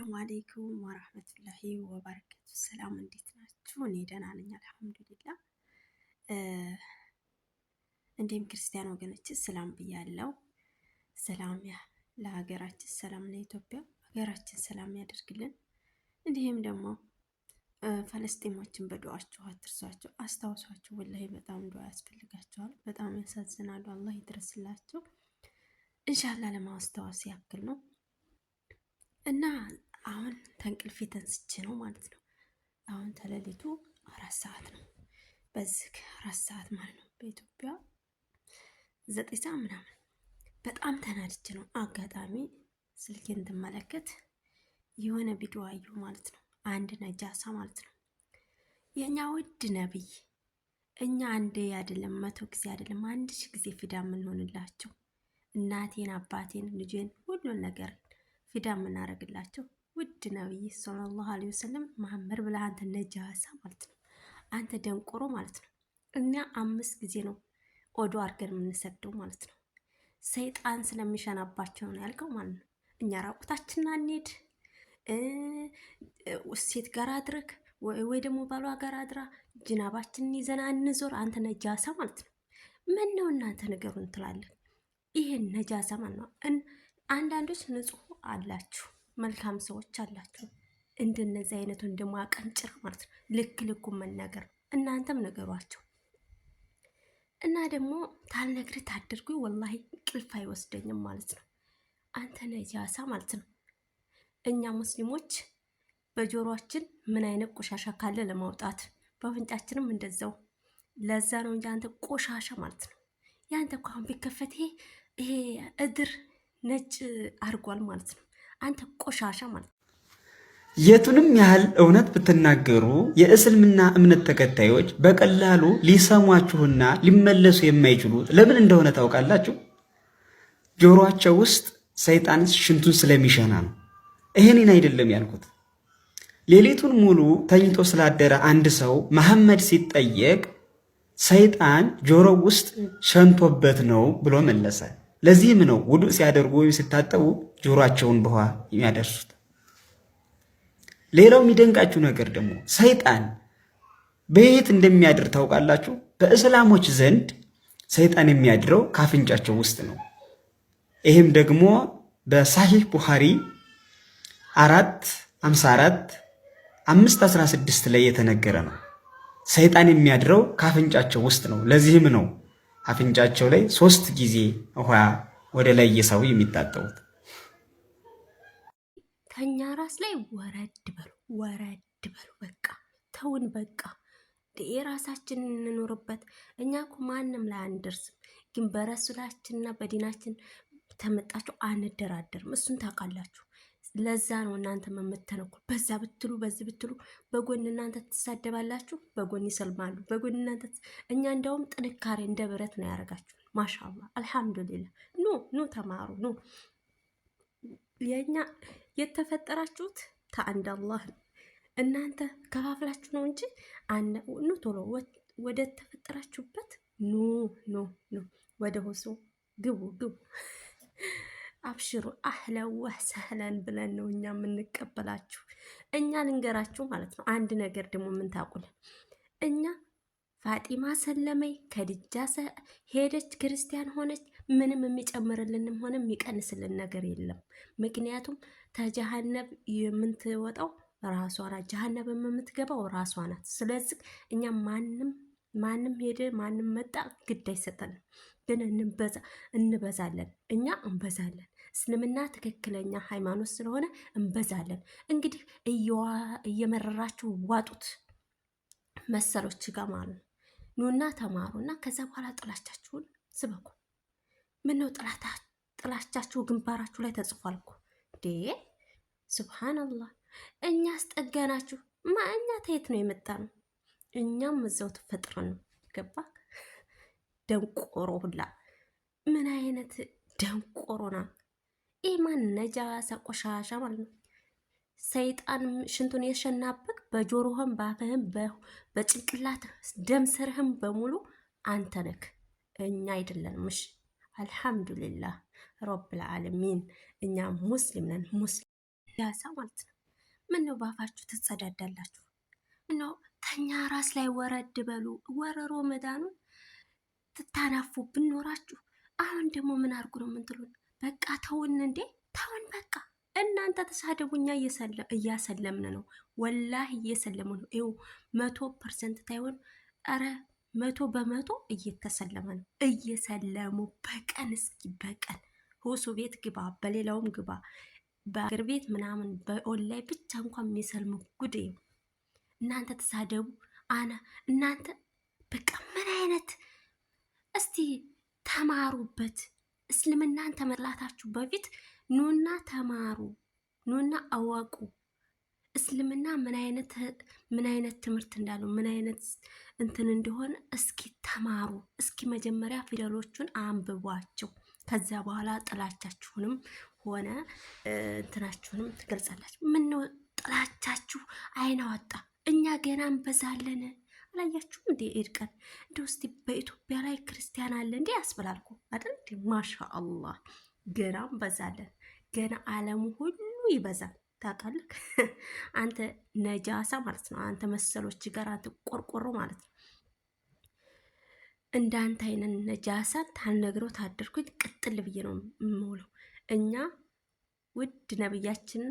አሰላሙ አሌይኩም ወራህመቱላሂ ወበረከቱ። ሰላም እንዴት ናችሁ? እኔ ደህና ነኝ አልሐምዱሊላ። እንዲሁም ክርስቲያን ወገኖች ሰላም ብያለው። ሰላም ያ ለሀገራችን ሰላም ለኢትዮጵያ ሀገራችን ሰላም ያደርግልን። እንዲህም ደግሞ ፈለስጢሞችን በዱዋችሁ አትርሷቸው፣ አስታውሷቸው። ወላሂ በጣም ዱዓ ያስፈልጋቸዋል። በጣም ያሳዝናሉ። አላህ ይድረስላቸው። እንሻላ ለማስታወስ ያክል ነው እና አሁን ተንቅልፌ ተንስቼ ነው ማለት ነው። አሁን ተለሊቱ አራት ሰዓት ነው። በዚህ አራት ሰዓት ማለት ነው በኢትዮጵያ ዘጠኝ ሰዓት ምናምን በጣም ተናድጄ ነው። አጋጣሚ ስልኬ እንድመለከት የሆነ ቪዲዮ አየሁ ማለት ነው። አንድ ነጃሳ ማለት ነው የእኛ ውድ ነብይ እኛ አንዴ አይደለም መቶ ጊዜ አይደለም አንድ ሺህ ጊዜ ፊዳ የምንሆንላቸው እናቴን፣ አባቴን፣ ልጄን ሁሉን ነገር ፊዳ የምናደርግላቸው ውድ ነቢይ ሰለላሁ አለይሂ ወሰለም ማመር ብለህ አንተ ነጃሳ ማለት ነው፣ አንተ ደንቆሮ ማለት ነው። እኛ አምስት ጊዜ ነው ኦዶ አድርገን የምንሰደው ማለት ነው። ሰይጣን ስለሚሸናባቸው ነው ያልከው ማለት ነው። እኛ ራቁታችን አንሄድ፣ ሴት ጋር አድረግ ወይ ደግሞ ባሏ ጋር አድራ፣ ጅናባችንን ይዘን አንዞር፣ አንተ ነጃሳ ማለት ነው። ምን ነው እናንተ ነገሩን ትላለህ? ይሄን ነጃሳ ማለት ነው። አንዳንዶች ንጹህ አላችሁ መልካም ሰዎች አላችሁ። እንደነዚህ አይነቱን ደግሞ አቀንጭር ማለት ነው። ልክ ልኩን መናገር እናንተም ነገሯቸው እና ደግሞ ታልነግሪ ታድርጉ ወላሂ ቅልፍ አይወስደኝም ማለት ነው። አንተ ነጃሳ ማለት ነው። እኛ ሙስሊሞች በጆሮችን ምን አይነት ቆሻሻ ካለ ለማውጣት በአፍንጫችንም እንደዛው። ለዛ ነው እንጂ አንተ ቆሻሻ ማለት ነው። ያንተ እኮ አሁን ቢከፈት ይሄ እድር ነጭ አድርጓል ማለት ነው። አንተ ቆሻሻ ማለት የቱንም ያህል እውነት ብትናገሩ የእስልምና እምነት ተከታዮች በቀላሉ ሊሰሟችሁና ሊመለሱ የማይችሉት ለምን እንደሆነ ታውቃላችሁ? ጆሮአቸው ውስጥ ሰይጣን ሽንቱን ስለሚሸና ነው። ይህንን አይደለም ያልኩት። ሌሊቱን ሙሉ ተኝቶ ስላደረ አንድ ሰው መሐመድ ሲጠየቅ ሰይጣን ጆሮ ውስጥ ሸንቶበት ነው ብሎ መለሰ። ለዚህም ነው ውዱእ ሲያደርጉ ወይም ሲታጠቡ ጆሯቸውን በውሃ የሚያደርሱት። ሌላው የሚደንቃችሁ ነገር ደግሞ ሰይጣን በየት እንደሚያድር ታውቃላችሁ? በእስላሞች ዘንድ ሰይጣን የሚያድረው ካፍንጫቸው ውስጥ ነው። ይህም ደግሞ በሳሂህ ቡኻሪ አራት አምሳ አራት አምስት አስራ ስድስት ላይ የተነገረ ነው። ሰይጣን የሚያድረው ካፍንጫቸው ውስጥ ነው። ለዚህም ነው አፍንጫቸው ላይ ሶስት ጊዜ ውሃ ወደ ላይ እየሳቡ የሚታጠቡት። ከኛ ራስ ላይ ወረድ በሉ፣ ወረድ በሉ። በቃ ተውን፣ በቃ የራሳችን እንኖርበት። እኛ እኮ ማንም ላይ አንደርስም፣ ግን በረሱላችንና በዲናችን ተመጣችሁ አንደራደርም። እሱን ታውቃላችሁ። ለዛ ነው እናንተ መመተነኩል በዛ ብትሉ በዚህ ብትሉ፣ በጎን እናንተ ትሳደባላችሁ፣ በጎን ይሰልማሉ፣ በጎን እናንተ እኛ እንደውም ጥንካሬ እንደ ብረት ነው ያደረጋችሁ። ማሻላ አልሐምዱሊላ ኑ ኑ ተማሩ ኑ የእኛ የተፈጠራችሁት ተአንድ አላህ ነው። እናንተ ከፋፍላችሁ ነው እንጂ ኑ ቶሎ ወደ ተፈጠራችሁበት ኑ ኑ ኑ ወደ ሆሶ ግቡ ግቡ። አብሽሩ አህለን ወሰህለን ብለን ነው እኛ የምንቀበላችሁ። እኛ ልንገራችሁ ማለት ነው አንድ ነገር ደግሞ የምንታቁልን እኛ ፋጢማ ሰለመይ ከድጃ ሄደች ክርስቲያን ሆነች ምንም የሚጨምርልንም ሆነ የሚቀንስልን ነገር የለም። ምክንያቱም ተጀሃነብ የምትወጣው ራሷ ናት፣ ጀሃነብ የምትገባው ራሷ ናት። ስለዚህ እኛ ማንም ማንም ሄደ ማንም መጣ ግድ አይሰጠንም። ግን እንበዛ እንበዛለን እኛ እንበዛለን። እስልምና ትክክለኛ ሃይማኖት ስለሆነ እንበዛለን። እንግዲህ እየመረራችሁ ዋጡት መሰሎች ጋር ማለት ኑና ተማሩና ከዛ በኋላ ጥላቻችሁን ስበኩ። ምነው ጥላቻችሁ ግንባራችሁ ላይ ተጽፏል እኮ ዴ ስብሓንላህ። እኛ አስጠጋናችሁ ማ እኛ ተየት ነው የመጣ ነው? እኛም እዛው ተፈጥረን ነው ገባ። ደንቆሮ ሁላ ምን አይነት ደንቆሮና ይህ ማን ነጃሳ ቆሻሻ ማለት ነው። ሰይጣን ሽንቱን የሸናበቅ በጆሮህም በአፍህም በጭንቅላትህ ደም ስርህም በሙሉ አንተ ነክ እኛ አይደለንም። እሺ አልሐምዱሊላህ ረብል ዓለሚን። እኛ ሙስሊም ነን። ሙስሊም ያሳ ማለት ነው። ምነው ባፋችሁ ትጸዳዳላችሁ? ምነው ከኛ ራስ ላይ ወረድ በሉ። ወረሮ መዳኑን ትታናፉ ብኖራችሁ አሁን ደግሞ ምን አድርጉ ነው የምትሉን? በቃ ተውን እንዴ ተውን በቃ። እናንተ ተሳደቡ፣ እኛ እያሰለምን ነው። ወላህ እየሰለሙ ነው። ይኸው መቶ ፐርሰንት ታይሆን ረ መቶ በመቶ እየተሰለመ ነው። እየሰለሙ በቀን እስኪ በቀን ሁሱ ቤት ግባ፣ በሌላውም ግባ፣ በአገር ቤት ምናምን በኦንላይን ብቻ እንኳን የሚሰልሙ ጉድ እናንተ ተሳደቡ አነ እናንተ በቃ ምን አይነት እስቲ ተማሩበት። እስልምናን ተመላታችሁ በፊት ኑና ተማሩ፣ ኑና አወቁ። እስልምና ምን አይነት ምን አይነት ትምህርት እንዳሉ ምን አይነት እንትን እንደሆነ እስኪ ተማሩ። እስኪ መጀመሪያ ፊደሎቹን አንብቧቸው። ከዚያ በኋላ ጥላቻችሁንም ሆነ እንትናችሁንም ትገልጻላችሁ። ምነው ጥላቻችሁ አይን አወጣ? እኛ ገና እንበዛለን። አላያችሁም እንዴ? ኢድቀን እንደ ውስጥ በኢትዮጵያ ላይ ክርስቲያን አለ እንዴ ያስብላልኩ አይደል? ማሻ አላህ ገና እንበዛለን። ገና አለሙ ሁሉ ይበዛል። ታውቃለህ? አንተ ነጃሳ ማለት ነው። አንተ መሰሎች ጋር አንተ ቆርቆሮ ማለት ነው። እንዳንተ አይነት ነጃሳ ታልነግረው ታደርኩኝ ቅጥል ብዬ ነው የምውለው። እኛ ውድ ነብያችንን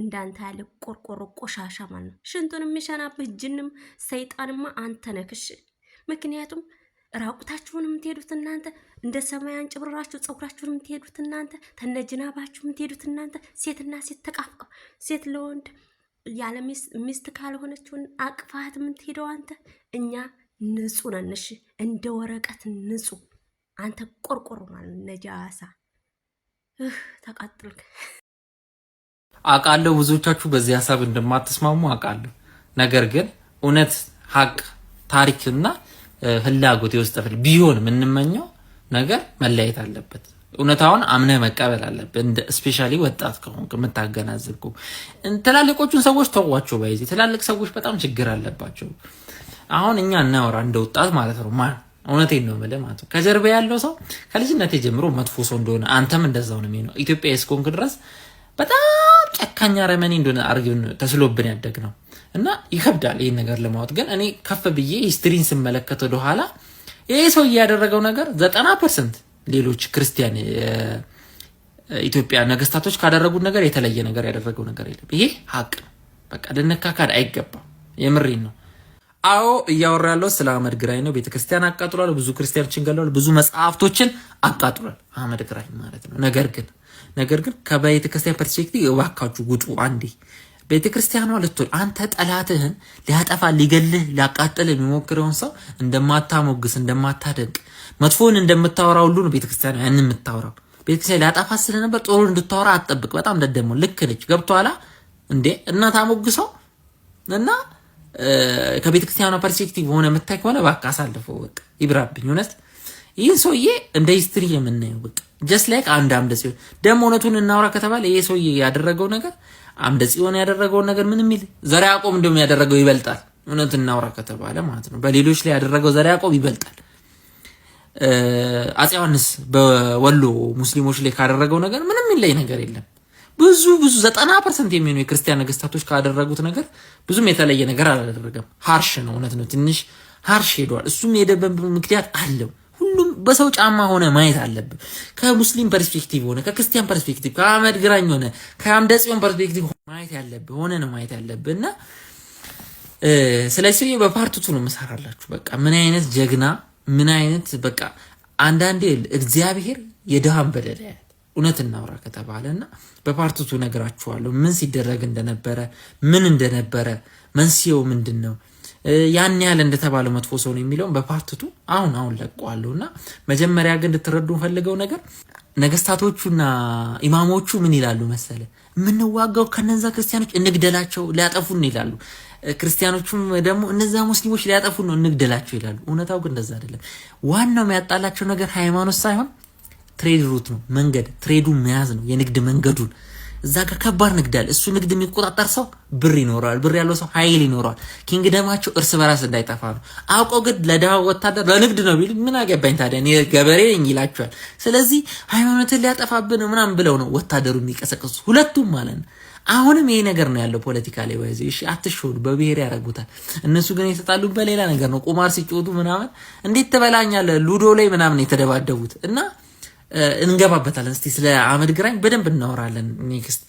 እንዳንተ ያለ ቆርቆሮ ቆሻሻ ማለት ነው። ሽንቱን የሚሸናብህ ጅንም ሰይጣንማ አንተ ነክሽ። ምክንያቱም ራቁታችሁን የምትሄዱት እናንተ፣ እንደ ሰማይ አንጭብርራችሁ ፀጉራችሁን የምትሄዱት እናንተ፣ ተነጅናባችሁ የምትሄዱት እናንተ። ሴትና ሴት ተቃፍቀው ሴት ለወንድ ያለ ሚስት ካልሆነችውን አቅፋት የምትሄደው አንተ። እኛ ንጹህ ነን፣ እሺ፣ እንደ ወረቀት ንጹህ። አንተ ቆርቆሮ ማለት ነጃሳ። ተቃጥልክ አውቃለሁ። ብዙዎቻችሁ በዚህ ሀሳብ እንደማትስማሙ አቃለሁ። ነገር ግን እውነት ሀቅ ታሪክና ፍላጎት የውስጥ ቢሆን የምንመኘው ነገር መለያየት አለበት። እውነታውን አምነህ መቀበል አለብህ። እንደ ወጣት ከሆንክ የምታገናዝብኩ ትላልቆቹን ሰዎች ተዋቸው። ባይዚ ትላልቅ ሰዎች በጣም ችግር አለባቸው። አሁን እኛ እናወራ እንደ ወጣት ማለት ነው። ማ እውነቴን ነው የምልህ ማለት ነው። ከጀርባ ያለው ሰው ከልጅነት ጀምሮ መጥፎ ሰው እንደሆነ አንተም እንደዛው ነው የሚሆነው። ኢትዮጵያ እስከሆንክ ድረስ በጣም ጨካኛ ረመኔ እንደሆነ አርግ ተስሎብን ያደግ ነው እና ይከብዳል ይህን ነገር ለማወቅ ግን እኔ ከፍ ብዬ ሂስትሪን ስመለከት ወደኋላ ይህ ሰው እያደረገው ነገር ዘጠና ፐርሰንት ሌሎች ክርስቲያን ኢትዮጵያ ነገስታቶች ካደረጉት ነገር የተለየ ነገር ያደረገው ነገር የለም። ይሄ ሀቅ ነው። በቃ ልንካካድ አይገባም። የምሬን ነው። አዎ እያወራ ያለው ስለ አህመድ ግራኝ ነው። ቤተክርስቲያን አቃጥሏል፣ ብዙ ክርስቲያኖችን ገለዋል፣ ብዙ መጽሐፍቶችን አቃጥሏል አህመድ ግራኝ ማለት ነው። ነገር ግን ነገር ግን ከቤተክርስቲያን ፐርስፔክቲቭ እባካችሁ ውጡ አንዴ ቤተ ክርስቲያኗ ልትሆን አንተ ጠላትህን ሊያጠፋ ሊገልህ ሊያቃጥል የሚሞክረውን ሰው እንደማታሞግስ እንደማታደንቅ መጥፎን እንደምታወራ ሁሉ ነው ቤተክርስቲያኗ ያን የምታወራው። ቤተክርስቲያን ሊያጠፋ ስለነበር ጥሩ እንድታወራ አትጠብቅ። በጣም ደደሞ ልክ ነች። ገብቶሃል እንዴ? እና ታሞግሰው እና ከቤተክርስቲያኗ ፐርስፔክቲቭ ሆነ የምታይ ከሆነ እባክህ አሳልፈው። በቃ ይብራብኝ እውነት ይህን ሰውዬ እንደ ሂስትሪ የምናየው በቃ ጀስት ላይክ አንድ አምደ ሲሆን ደግሞ እውነቱን እናውራ ከተባለ ይሄ ሰውዬ ያደረገው ነገር አምደ ጽዮን ያደረገውን ነገር ምን የሚል ዘራ ያቆብ እንደውም ያደረገው ይበልጣል። እውነት እናውራ ከተባለ ማለት ነው። በሌሎች ላይ ያደረገው ዘራ ያቆብ ይበልጣል። አፄ ዮሐንስ በወሎ ሙስሊሞች ላይ ካደረገው ነገር ምንም የሚለይ ነገር የለም። ብዙ ብዙ ዘጠና ፐርሰንት የሚሆኑ የክርስቲያን ነገስታቶች ካደረጉት ነገር ብዙም የተለየ ነገር አላደረገም። ሀርሽ ነው እውነት ነው። ትንሽ ሀርሽ ሄደዋል። እሱም የሄደበት ምክንያት አለው። በሰው ጫማ ሆነ ማየት አለብህ። ከሙስሊም ፐርስፔክቲቭ ሆነ፣ ከክርስቲያን ፐርስፔክቲቭ፣ ከአመድ ግራኝ ሆነ፣ ከአምደጽዮን ፐርስፔክቲቭ ማየት ያለብህ ሆነ ነው ማየት ያለብህ እና ስለዚህ በፓርቱቱ ነው የምሰራላችሁ። በቃ ምን አይነት ጀግና ምን አይነት በቃ አንዳንዴ እግዚአብሔር የድሃን በደል ያያል። እውነት እናውራ ከተባለ እና በፓርቱቱ ነግራችኋለሁ ምን ሲደረግ እንደነበረ ምን እንደነበረ መንስኤው ምንድን ነው። ያን ያህል እንደተባለው መጥፎ ሰው ነው የሚለውን በፓርትቱ አሁን አሁን ለቀዋለሁ እና መጀመሪያ ግን እንድትረዱ ፈልገው ነገር ነገስታቶቹና ኢማሞቹ ምን ይላሉ መሰለ፣ የምንዋጋው ከነዛ ክርስቲያኖች እንግደላቸው ሊያጠፉን ይላሉ። ክርስቲያኖቹም ደግሞ እነዛ ሙስሊሞች ሊያጠፉ ነው እንግደላቸው ይላሉ። እውነታው ግን እንደዛ አይደለም። ዋናው የሚያጣላቸው ነገር ሃይማኖት ሳይሆን ትሬድ ሩት ነው፣ መንገድ ትሬዱን መያዝ ነው የንግድ መንገዱን እዛ ጋር ከባድ ንግድ አለ። እሱ ንግድ የሚቆጣጠር ሰው ብር ይኖረዋል። ብር ያለው ሰው ኃይል ይኖረዋል። ኪንግደማቸው እርስ በራስ እንዳይጠፋ ነው። አውቀው ግን ለድሃ ወታደር ለንግድ ነው ቢሉ ምን አገባኝ ታዲያ እኔ ገበሬ ነኝ ይላቸዋል። ስለዚህ ሃይማኖትን ሊያጠፋብን ምናምን ብለው ነው ወታደሩ የሚቀሰቀሱ ሁለቱም ማለት ነው። አሁንም ይሄ ነገር ነው ያለው ፖለቲካ ላይ ወይዚ እሺ፣ አትሽሆኑ በብሔር ያደርጉታል። እነሱ ግን የተጣሉ በሌላ ነገር ነው። ቁማር ሲጮቱ ምናምን እንዴት ትበላኛለህ ሉዶ ላይ ምናምን የተደባደቡት እና እንገባበታለን። እስቲ ስለ አመድ ግራኝ በደንብ እናወራለን ኔክስት